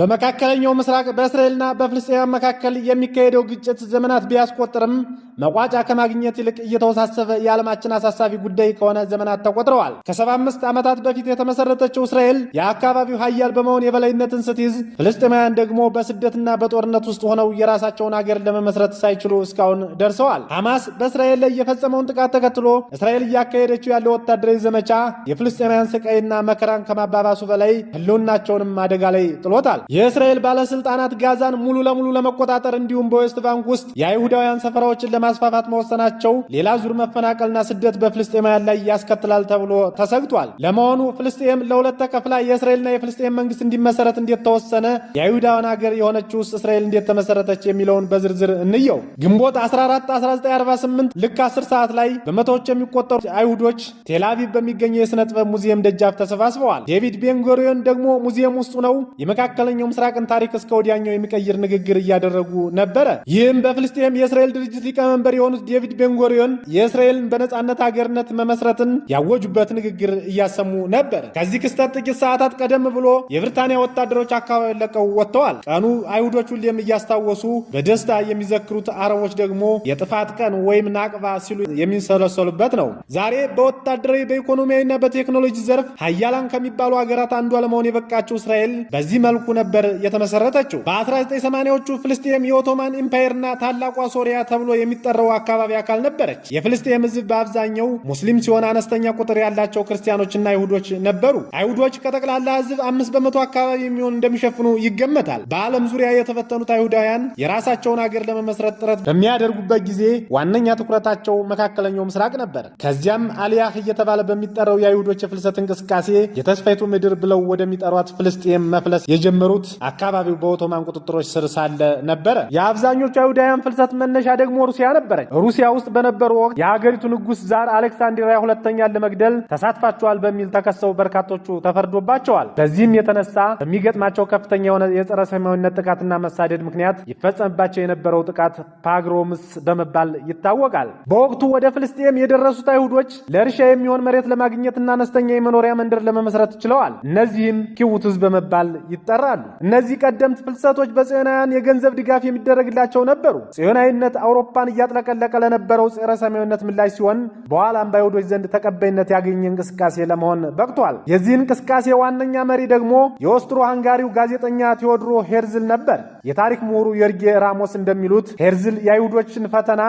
በመካከለኛው ምስራቅ በእስራኤልና በፍልስጤማ መካከል የሚካሄደው ግጭት ዘመናት ቢያስቆጥርም መቋጫ ከማግኘት ይልቅ እየተወሳሰበ የዓለማችን አሳሳቢ ጉዳይ ከሆነ ዘመናት ተቆጥረዋል። ከ አምስት ዓመታት በፊት የተመሰረተችው እስራኤል የአካባቢው ሀያል በመሆን የበላይነትን ስትይዝ፣ ፍልስጤማውያን ደግሞ በስደትና በጦርነት ውስጥ ሆነው የራሳቸውን አገር ለመመስረት ሳይችሉ እስካሁን ደርሰዋል። ሐማስ በእስራኤል ላይ የፈጸመውን ጥቃት ተከትሎ እስራኤል እያካሄደችው ያለው ወታደራዊ ዘመቻ የፍልስጤማውያን ስቃይና መከራን ከማባባሱ በላይ ህልውናቸውንም አደጋ ላይ ጥሎታል። የእስራኤል ባለስልጣናት ጋዛን ሙሉ ለሙሉ ለመቆጣጠር እንዲሁም በዌስት ባንክ ውስጥ የአይሁዳውያን ሰፈራዎችን ለማ ለማስፋፋት መወሰናቸው ሌላ ዙር መፈናቀልና ስደት በፍልስጤማውያን ላይ ያስከትላል ተብሎ ተሰግቷል። ለመሆኑ ፍልስጤም ለሁለት ተከፍላ የእስራኤልና የፍልስጤም መንግስት እንዲመሰረት እንዴት ተወሰነ? የአይሁዳውያን ሀገር የሆነችው ውስጥ እስራኤል እንዴት ተመሰረተች? የሚለውን በዝርዝር እንየው። ግንቦት 14 1948 ልክ 10 ሰዓት ላይ በመቶዎች የሚቆጠሩ አይሁዶች ቴላቪቭ በሚገኘው የሥነ ጥበብ ሙዚየም ደጃፍ ተሰባስበዋል። ዴቪድ ቤንጎሪዮን ደግሞ ሙዚየም ውስጡ ነው የመካከለኛው ምስራቅን ታሪክ እስከ ወዲያኛው የሚቀይር ንግግር እያደረጉ ነበረ። ይህም በፍልስጤም የእስራኤል ድርጅት ሊቀመ ሊቀመንበር የሆኑት ዴቪድ ቤንጎሪዮን የእስራኤልን በነፃነት አገርነት መመስረትን ያወጁበት ንግግር እያሰሙ ነበር። ከዚህ ክስተት ጥቂት ሰዓታት ቀደም ብሎ የብሪታንያ ወታደሮች አካባቢ ለቀው ወጥተዋል። ቀኑ አይሁዶች ሁሌም እያስታወሱ በደስታ የሚዘክሩት አረቦች ደግሞ የጥፋት ቀን ወይም ናቅባ ሲሉ የሚሰለሰሉበት ነው። ዛሬ በወታደራዊ በኢኮኖሚያዊና በቴክኖሎጂ ዘርፍ ሀያላን ከሚባሉ ሀገራት አንዷ ለመሆን የበቃቸው እስራኤል በዚህ መልኩ ነበር የተመሰረተችው። በ1980ዎቹ ፍልስጤም የኦቶማን ኢምፓየርና ታላቋ ሶሪያ ተብሎ የሚ። የምትጠራው አካባቢ አካል ነበረች። የፍልስጤም ህዝብ በአብዛኛው ሙስሊም ሲሆን አነስተኛ ቁጥር ያላቸው ክርስቲያኖችና አይሁዶች ነበሩ። አይሁዶች ከጠቅላላ ህዝብ አምስት በመቶ አካባቢ የሚሆን እንደሚሸፍኑ ይገመታል። በዓለም ዙሪያ የተፈተኑት አይሁዳውያን የራሳቸውን አገር ለመመስረት ጥረት በሚያደርጉበት ጊዜ ዋነኛ ትኩረታቸው መካከለኛው ምስራቅ ነበር። ከዚያም አልያህ እየተባለ በሚጠራው የአይሁዶች የፍልሰት እንቅስቃሴ የተስፋይቱ ምድር ብለው ወደሚጠሯት ፍልስጤም መፍለስ የጀመሩት አካባቢው በኦቶማን ቁጥጥሮች ስር ሳለ ነበረ። የአብዛኞቹ አይሁዳውያን ፍልሰት መነሻ ደግሞ ሩሲያ ነበረች። ሩሲያ ውስጥ በነበሩ ወቅት የሀገሪቱ ንጉሥ ዛር አሌክሳንድሪያ ሁለተኛን ለመግደል ተሳትፋቸዋል በሚል ተከሰው በርካቶቹ ተፈርዶባቸዋል። በዚህም የተነሳ በሚገጥማቸው ከፍተኛ የሆነ የጸረ ሰማዊነት ጥቃትና መሳደድ ምክንያት ይፈጸምባቸው የነበረው ጥቃት ፓግሮምስ በመባል ይታወቃል። በወቅቱ ወደ ፍልስጤም የደረሱት አይሁዶች ለእርሻ የሚሆን መሬት ለማግኘትና አነስተኛ የመኖሪያ መንደር ለመመስረት ችለዋል። እነዚህም ኪቡትዝ በመባል ይጠራሉ። እነዚህ ቀደምት ፍልሰቶች በጽዮናውያን የገንዘብ ድጋፍ የሚደረግላቸው ነበሩ። ጽዮናዊነት አውሮፓን እያ እያጥለቀለቀ ለነበረው ጽረ ሰማያዊነት ምላሽ ሲሆን በኋላም በአይሁዶች ዘንድ ተቀባይነት ያገኘ እንቅስቃሴ ለመሆን በቅቷል። የዚህ እንቅስቃሴ ዋነኛ መሪ ደግሞ የኦስትሮ ሃንጋሪው ጋዜጠኛ ቴዎድሮ ሄርዝል ነበር። የታሪክ ምሁሩ የርጌ ራሞስ እንደሚሉት ሄርዝል የአይሁዶችን ፈተና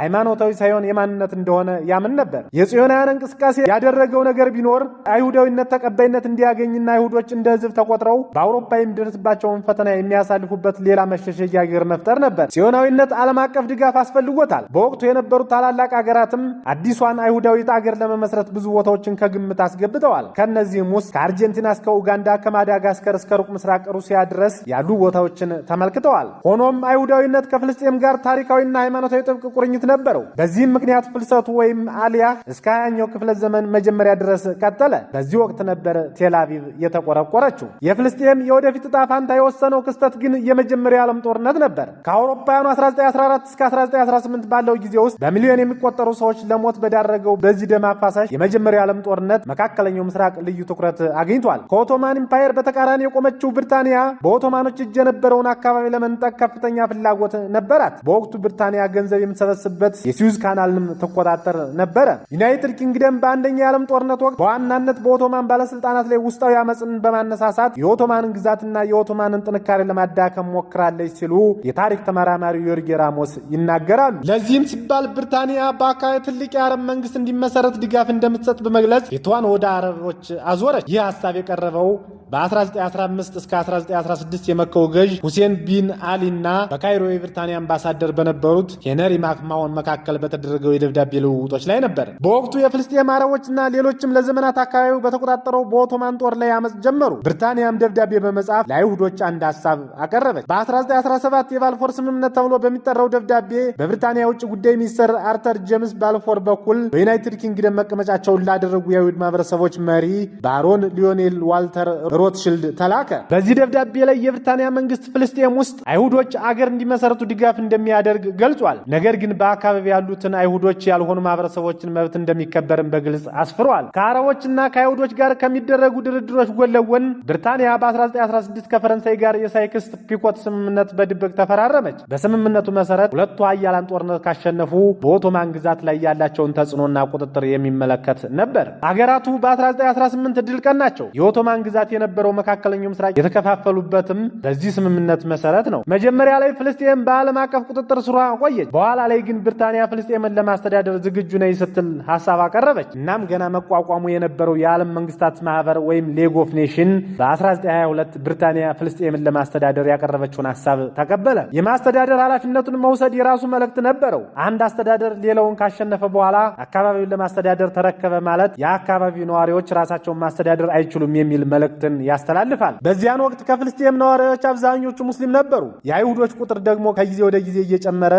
ሃይማኖታዊ ሳይሆን የማንነት እንደሆነ ያምን ነበር። የጽዮናውያን እንቅስቃሴ ያደረገው ነገር ቢኖር አይሁዳዊነት ተቀባይነት እንዲያገኝና አይሁዶች እንደ ሕዝብ ተቆጥረው በአውሮፓ የሚደርስባቸውን ፈተና የሚያሳልፉበት ሌላ መሸሸጊያ አገር መፍጠር ነበር። ጽዮናዊነት ዓለም አቀፍ ድጋፍ አስፈልጎታል። በወቅቱ የነበሩት ታላላቅ አገራትም አዲሷን አይሁዳዊት አገር ለመመስረት ብዙ ቦታዎችን ከግምት አስገብተዋል። ከእነዚህም ውስጥ ከአርጀንቲና እስከ ኡጋንዳ፣ ከማዳጋስከር እስከ ሩቅ ምስራቅ ሩሲያ ድረስ ያሉ ቦታዎችን ተመልክተዋል። ሆኖም አይሁዳዊነት ከፍልስጤም ጋር ታሪካዊና ሃይማኖታዊ ጥብቅ ቁርኝት ነበረው። በዚህም ምክንያት ፍልሰቱ ወይም አሊያ እስከ ሀያኛው ክፍለ ዘመን መጀመሪያ ድረስ ቀጠለ። በዚህ ወቅት ነበር ቴላቪቭ የተቆረቆረችው። የፍልስጤም የወደፊት እጣ ፋንታ የወሰነው ክስተት ግን የመጀመሪያው የዓለም ጦርነት ነበር። ከአውሮፓውያኑ 1914 እስከ 1918 ባለው ጊዜ ውስጥ በሚሊዮን የሚቆጠሩ ሰዎች ለሞት በዳረገው በዚህ ደም አፋሳሽ የመጀመሪያው የዓለም ጦርነት መካከለኛው ምስራቅ ልዩ ትኩረት አግኝቷል። ከኦቶማን ኢምፓየር በተቃራኒ የቆመችው ብሪታንያ በኦቶማኖች እጅ የነበረውን አካባቢ ለመንጠቅ ከፍተኛ ፍላጎት ነበራት። በወቅቱ ብሪታንያ ገንዘብ የምትሰበስብ የምትደርስበት የሲዩዝ ካናልንም ትቆጣጠር ነበረ። ዩናይትድ ኪንግደም በአንደኛ የዓለም ጦርነት ወቅት በዋናነት በኦቶማን ባለስልጣናት ላይ ውስጣዊ አመፅን በማነሳሳት የኦቶማንን ግዛትና የኦቶማንን ጥንካሬ ለማዳከም ሞክራለች ሲሉ የታሪክ ተመራማሪ ዮርጌ ራሞስ ይናገራሉ። ለዚህም ሲባል ብሪታንያ በአካባቢ ትልቅ የአረብ መንግስት እንዲመሰረት ድጋፍ እንደምትሰጥ በመግለጽ ፊቷን ወደ አረቦች አዞረች። ይህ ሀሳብ የቀረበው በ1915 እስከ 1916 የመካው ገዥ ሁሴን ቢን አሊ እና በካይሮ የብሪታንያ አምባሳደር በነበሩት ሄነሪ ማክማሆን መካከል በተደረገው የደብዳቤ ልውውጦች ላይ ነበር። በወቅቱ የፍልስጤም አረቦችና ሌሎችም ለዘመናት አካባቢው በተቆጣጠረው በኦቶማን ጦር ላይ አመፅ ጀመሩ። ብሪታንያም ደብዳቤ በመጻፍ ለአይሁዶች አንድ ሀሳብ አቀረበች። በ1917 የባልፎር ስምምነት ተብሎ በሚጠራው ደብዳቤ በብሪታንያ የውጭ ጉዳይ ሚኒስትር አርተር ጄምስ ባልፎር በኩል በዩናይትድ ኪንግደም መቀመጫቸውን ላደረጉ የአይሁድ ማህበረሰቦች መሪ ባሮን ሊዮኔል ዋልተር ሮትሽልድ ተላከ። በዚህ ደብዳቤ ላይ የብሪታንያ መንግስት ፍልስጤም ውስጥ አይሁዶች አገር እንዲመሰረቱ ድጋፍ እንደሚያደርግ ገልጿል። ነገር ግን በአካባቢ ያሉትን አይሁዶች ያልሆኑ ማህበረሰቦችን መብት እንደሚከበርም በግልጽ አስፍሯል። ከአረቦችና ከአይሁዶች ጋር ከሚደረጉ ድርድሮች ጎን ለጎን ብሪታንያ በ1916 ከፈረንሳይ ጋር የሳይክስ ፒኮት ስምምነት በድብቅ ተፈራረመች። በስምምነቱ መሰረት ሁለቱ አያላን ጦርነት ካሸነፉ በኦቶማን ግዛት ላይ ያላቸውን ተጽዕኖና ቁጥጥር የሚመለከት ነበር። አገራቱ በ1918 ድል ቀናቸው የኦቶማን ግዛት የነበ የነበረው መካከለኛው ምስራቅ የተከፋፈሉበትም በዚህ ስምምነት መሰረት ነው። መጀመሪያ ላይ ፍልስጤም በዓለም አቀፍ ቁጥጥር ስሯ ቆየች። በኋላ ላይ ግን ብሪታንያ ፍልስጤምን ለማስተዳደር ዝግጁ ነኝ ስትል ሀሳብ አቀረበች። እናም ገና መቋቋሙ የነበረው የዓለም መንግስታት ማህበር ወይም ሌግ ኦፍ ኔሽን በ1922 ብሪታንያ ፍልስጤምን ለማስተዳደር ያቀረበችውን ሀሳብ ተቀበለ። የማስተዳደር ኃላፊነቱን መውሰድ የራሱ መልእክት ነበረው። አንድ አስተዳደር ሌላውን ካሸነፈ በኋላ አካባቢውን ለማስተዳደር ተረከበ ማለት የአካባቢው ነዋሪዎች ራሳቸውን ማስተዳደር አይችሉም የሚል መልእክትን መልእክትን ያስተላልፋል። በዚያን ወቅት ከፍልስጤም ነዋሪዎች አብዛኞቹ ሙስሊም ነበሩ። የአይሁዶች ቁጥር ደግሞ ከጊዜ ወደ ጊዜ እየጨመረ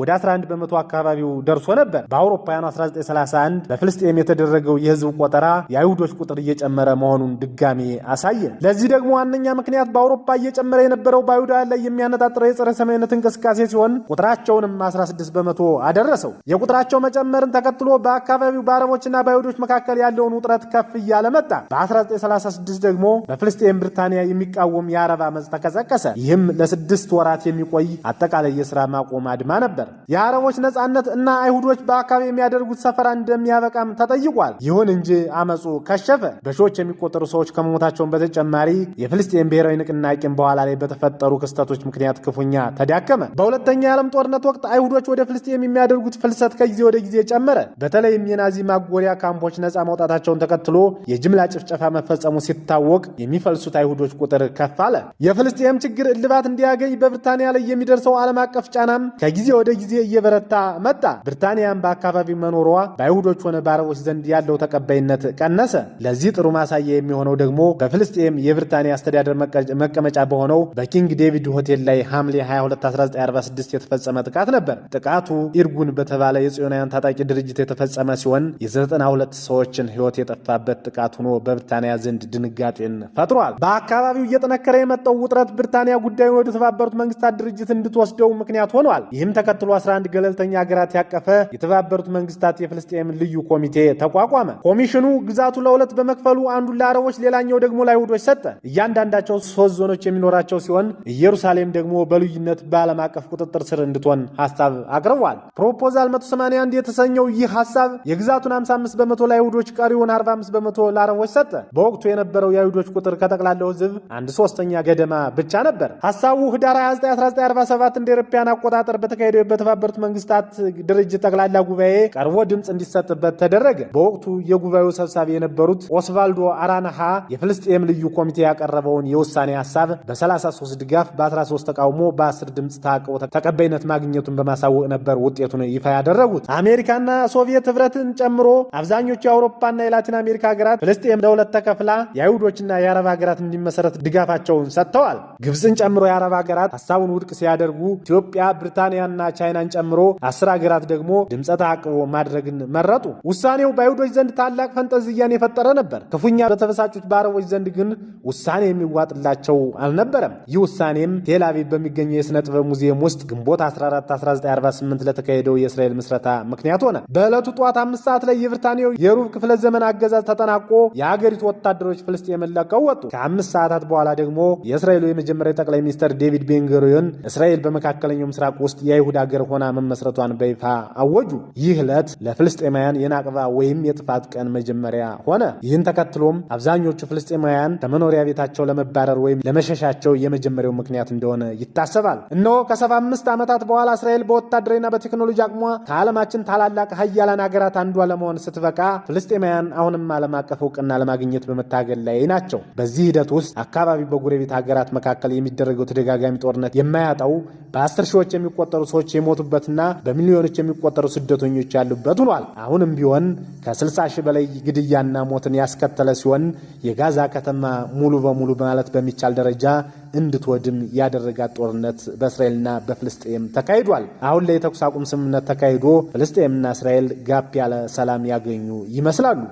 ወደ 11 በመቶ አካባቢው ደርሶ ነበር። በአውሮፓውያኑ 1931 በፍልስጤም የተደረገው የህዝብ ቆጠራ የአይሁዶች ቁጥር እየጨመረ መሆኑን ድጋሜ አሳየ። ለዚህ ደግሞ ዋነኛ ምክንያት በአውሮፓ እየጨመረ የነበረው በአይሁዳውያን ላይ የሚያነጣጥረው የጸረ ሰማይነት እንቅስቃሴ ሲሆን ቁጥራቸውንም 16 በመቶ አደረሰው። የቁጥራቸው መጨመርን ተከትሎ በአካባቢው በአረቦችና በአይሁዶች መካከል ያለውን ውጥረት ከፍ እያለ መጣ። በ1936 ደግሞ በፍልስጤም ብሪታንያ የሚቃወም የአረብ አመፅ ተቀሰቀሰ። ይህም ለስድስት ወራት የሚቆይ አጠቃላይ የሥራ ማቆም አድማ ነበር። የአረቦች ነጻነት እና አይሁዶች በአካባቢ የሚያደርጉት ሰፈራ እንደሚያበቃም ተጠይቋል። ይሁን እንጂ አመፁ ከሸፈ። በሺዎች የሚቆጠሩ ሰዎች ከመሞታቸውን በተጨማሪ የፍልስጤን ብሔራዊ ንቅናቄን በኋላ ላይ በተፈጠሩ ክስተቶች ምክንያት ክፉኛ ተዳከመ። በሁለተኛ የዓለም ጦርነት ወቅት አይሁዶች ወደ ፍልስጤም የሚያደርጉት ፍልሰት ከጊዜ ወደ ጊዜ ጨመረ። በተለይም የናዚ ማጎሪያ ካምፖች ነጻ መውጣታቸውን ተከትሎ የጅምላ ጭፍጨፋ መፈጸሙ ሲታወቅ የሚፈልሱት አይሁዶች ቁጥር ከፍ አለ። የፍልስጤም ችግር እልባት እንዲያገኝ በብሪታንያ ላይ የሚደርሰው ዓለም አቀፍ ጫናም ከጊዜ ወደ ወደ ጊዜ እየበረታ መጣ። ብሪታንያም በአካባቢው መኖሯ በአይሁዶች ሆነ በአረቦች ዘንድ ያለው ተቀባይነት ቀነሰ። ለዚህ ጥሩ ማሳያ የሚሆነው ደግሞ በፍልስጤም የብሪታንያ አስተዳደር መቀመጫ በሆነው በኪንግ ዴቪድ ሆቴል ላይ ሐምሌ 22 1946 የተፈጸመ ጥቃት ነበር። ጥቃቱ ኢርጉን በተባለ የጽዮናውያን ታጣቂ ድርጅት የተፈጸመ ሲሆን የ92 ሰዎችን ሕይወት የጠፋበት ጥቃት ሆኖ በብሪታንያ ዘንድ ድንጋጤን ፈጥሯል። በአካባቢው እየጠነከረ የመጣው ውጥረት ብሪታንያ ጉዳዩን ወደ ተባበሩት መንግስታት ድርጅት እንድትወስደው ምክንያት ሆኗል። ይህም ተከ ተከትሎ 11 ገለልተኛ ሀገራት ያቀፈ የተባበሩት መንግስታት የፍልስጤም ልዩ ኮሚቴ ተቋቋመ። ኮሚሽኑ ግዛቱ ለሁለት በመክፈሉ አንዱን ለአረቦች ሌላኛው ደግሞ ለአይሁዶች ሰጠ። እያንዳንዳቸው ሶስት ዞኖች የሚኖራቸው ሲሆን ኢየሩሳሌም ደግሞ በልዩነት በዓለም አቀፍ ቁጥጥር ስር እንድትሆን ሀሳብ አቅርቧል። ፕሮፖዛል 181 የተሰኘው ይህ ሀሳብ የግዛቱን 55 በመቶ ለአይሁዶች ቀሪውን 45 በመቶ ለአረቦች ሰጠ። በወቅቱ የነበረው የአይሁዶች ቁጥር ከጠቅላላው ሕዝብ አንድ ሶስተኛ ገደማ ብቻ ነበር። ሀሳቡ ህዳር 29 1947 እንደ አውሮፓውያን አቆጣጠር በተካሄደው በተባበሩት መንግስታት ድርጅት ጠቅላላ ጉባኤ ቀርቦ ድምፅ እንዲሰጥበት ተደረገ። በወቅቱ የጉባኤው ሰብሳቢ የነበሩት ኦስቫልዶ አራናሃ የፍልስጤም ልዩ ኮሚቴ ያቀረበውን የውሳኔ ሀሳብ በ33 ድጋፍ፣ በ13 ተቃውሞ፣ በ10 ድምፅ ታቅቦ ተቀባይነት ማግኘቱን በማሳወቅ ነበር ውጤቱን ይፋ ያደረጉት። አሜሪካና ሶቪየት ህብረትን ጨምሮ አብዛኞቹ የአውሮፓና የላቲን አሜሪካ ሀገራት ፍልስጤም ለሁለት ተከፍላ የአይሁዶችና የአረብ ሀገራት እንዲመሰረት ድጋፋቸውን ሰጥተዋል። ግብፅን ጨምሮ የአረብ ሀገራት ሀሳቡን ውድቅ ሲያደርጉ ኢትዮጵያ፣ ብሪታንያና ቻይናን ጨምሮ አስር ሀገራት ደግሞ ድምፀ ተአቅቦ ማድረግን መረጡ። ውሳኔው በአይሁዶች ዘንድ ታላቅ ፈንጠዝያን የፈጠረ ነበር። ክፉኛ በተበሳጩት በአረቦች ዘንድ ግን ውሳኔ የሚዋጥላቸው አልነበረም። ይህ ውሳኔም ቴል በሚገኘ በሚገኘው የሥነ ጥበብ ሙዚየም ውስጥ ግንቦት 14 1948 ለተካሄደው የእስራኤል ምስረታ ምክንያት ሆነ። በዕለቱ ጠዋት አምስት ሰዓት ላይ የብሪታንያው የሩብ ክፍለ ዘመን አገዛዝ ተጠናቆ የአገሪቱ ወታደሮች ፍልስጤምን ለቀው ወጡ። ከአምስት ሰዓታት በኋላ ደግሞ የእስራኤሉ የመጀመሪያ ጠቅላይ ሚኒስትር ዴቪድ ቤንገሪዮን እስራኤል በመካከለኛው ምስራቅ ውስጥ የአይሁድ ሀገር ሆና መመስረቷን በይፋ አወጁ። ይህ ዕለት ለፍልስጤማውያን የናቅባ ወይም የጥፋት ቀን መጀመሪያ ሆነ። ይህን ተከትሎም አብዛኞቹ ፍልስጤማውያን ከመኖሪያ ቤታቸው ለመባረር ወይም ለመሸሻቸው የመጀመሪያው ምክንያት እንደሆነ ይታሰባል። እነሆ ከ75 ዓመታት በኋላ እስራኤል በወታደራዊና በቴክኖሎጂ አቅሟ ከዓለማችን ታላላቅ ሀያላን ሀገራት አንዷ ለመሆን ስትበቃ ፍልስጤማውያን አሁንም ዓለም አቀፍ እውቅና ለማግኘት በመታገል ላይ ናቸው። በዚህ ሂደት ውስጥ አካባቢ በጎረቤት ሀገራት መካከል የሚደረገው ተደጋጋሚ ጦርነት የማያጣው በአስር ሺዎች የሚቆጠሩ ሰዎች የሞቱበትና በሚሊዮኖች የሚቆጠሩ ስደተኞች ያሉበት ውሏል። አሁንም ቢሆን ከ60 ሺህ በላይ ግድያና ሞትን ያስከተለ ሲሆን የጋዛ ከተማ ሙሉ በሙሉ ማለት በሚቻል ደረጃ እንድትወድም ያደረጋት ጦርነት በእስራኤልና በፍልስጤም ተካሂዷል። አሁን ላይ የተኩስ አቁም ስምምነት ተካሂዶ ፍልስጤምና እስራኤል ጋፕ ያለ ሰላም ያገኙ ይመስላሉ።